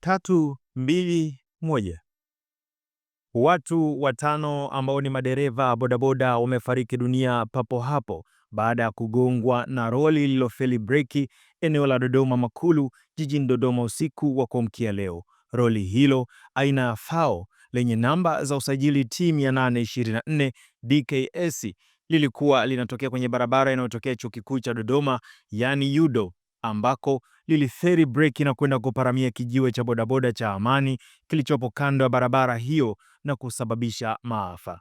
Tatu, mbili, moja. Watu watano ambao ni madereva bodaboda wamefariki dunia papo hapo baada ya kugongwa na lori lililofeli breki eneo la Dodoma Makulu jijini Dodoma usiku wa kuamkia leo. Lori hilo aina ya FAO lenye namba za usajili T 824 DKS lilikuwa linatokea kwenye barabara inayotokea Chuo Kikuu cha Dodoma, yani UDOM ambako liliferi breki na kwenda kuparamia kijiwe cha bodaboda cha Amani kilichopo kando ya barabara hiyo na kusababisha maafa.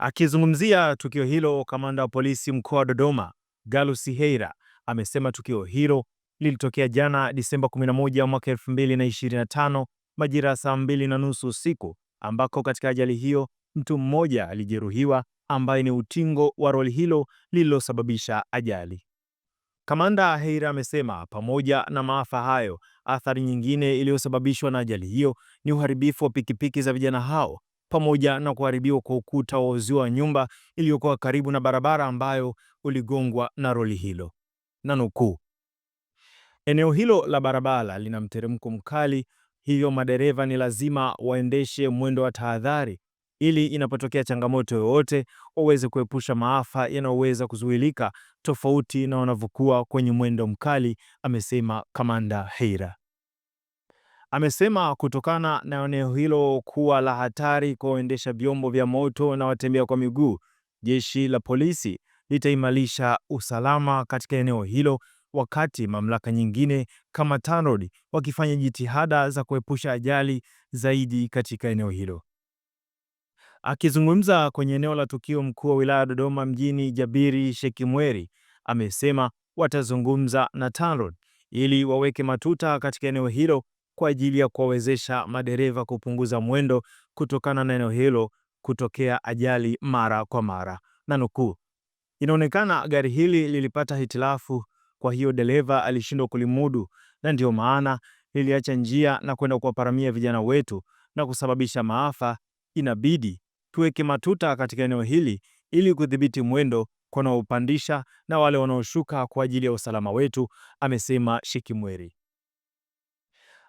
Akizungumzia tukio hilo, kamanda wa polisi mkoa wa Dodoma, Galus Heira, amesema tukio hilo lilitokea jana Disemba 11 mwaka 2025 majira ya saa mbili na nusu usiku ambako katika ajali hiyo mtu mmoja alijeruhiwa ambaye ni utingo wa roli hilo lililosababisha ajali. Kamanda Heira amesema pamoja na maafa hayo, athari nyingine iliyosababishwa na ajali hiyo ni uharibifu wa pikipiki za vijana hao pamoja na kuharibiwa kwa ukuta wa uzio wa nyumba iliyokuwa karibu na barabara ambayo uligongwa na lori hilo. Na nukuu, eneo hilo la barabara lina mteremko mkali, hivyo madereva ni lazima waendeshe mwendo wa tahadhari ili inapotokea changamoto yoyote waweze kuepusha maafa yanayoweza kuzuilika tofauti na wanavyokuwa kwenye mwendo mkali, amesema Kamanda Heira. Amesema kutokana na eneo hilo kuwa la hatari kwa waendesha vyombo vya moto na watembea kwa miguu, jeshi la polisi litaimarisha usalama katika eneo hilo, wakati mamlaka nyingine kama TANROADS wakifanya jitihada za kuepusha ajali zaidi katika eneo hilo. Akizungumza kwenye eneo la tukio, mkuu wa wilaya ya Dodoma mjini Jabiri Shekimweri amesema watazungumza na TANROADS ili waweke matuta katika eneo hilo kwa ajili ya kuwawezesha madereva kupunguza mwendo kutokana na eneo hilo kutokea ajali mara kwa mara, na nukuu, inaonekana gari hili lilipata hitilafu, kwa hiyo dereva alishindwa kulimudu na ndiyo maana liliacha njia na kwenda kuwaparamia vijana wetu na kusababisha maafa. Inabidi tuweke matuta katika eneo hili ili kudhibiti mwendo kwa wanaopandisha na wale wanaoshuka kwa ajili ya usalama wetu, amesema mweri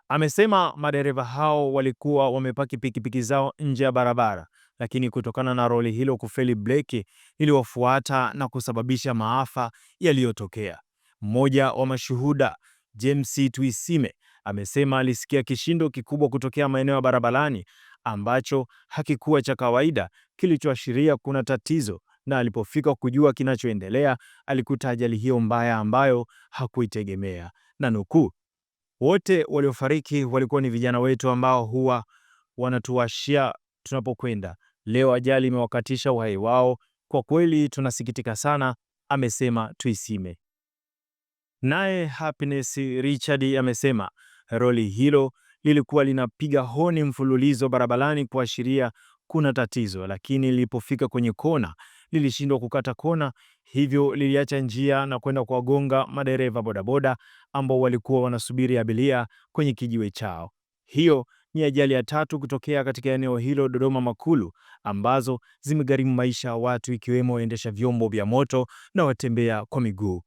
Amesema madereva hao walikuwa wamepaki pikipiki zao nje ya barabara, lakini kutokana na roli hilo kufeli breki iliwafuata na kusababisha maafa yaliyotokea. Mmoja wa mashuhuda James Twisime amesema alisikia kishindo kikubwa kutokea maeneo ya barabarani ambacho hakikuwa cha kawaida, kilichoashiria kuna tatizo, na alipofika kujua kinachoendelea, alikuta ajali hiyo mbaya ambayo hakuitegemea. Na nukuu, wote waliofariki walikuwa ni vijana wetu ambao huwa wanatuwashia tunapokwenda. Leo ajali imewakatisha uhai wao. Kwa kweli tunasikitika sana, amesema Tuisime. Naye Happiness Richard amesema roli hilo lilikuwa linapiga honi mfululizo barabarani kuashiria kuna tatizo, lakini lilipofika kwenye kona lilishindwa kukata kona, hivyo liliacha njia na kwenda kuwagonga madereva bodaboda ambao walikuwa wanasubiri abiria kwenye kijiwe chao. Hiyo ni ajali ya tatu kutokea katika eneo hilo Dodoma Makulu, ambazo zimegharimu maisha ya watu ikiwemo waendesha vyombo vya moto na watembea kwa miguu.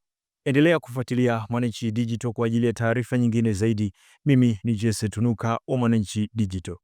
Endelea kufuatilia Mwananchi Digital kwa ajili ya taarifa nyingine zaidi. Mimi ni Jesse Tunuka wa Mwananchi Digital.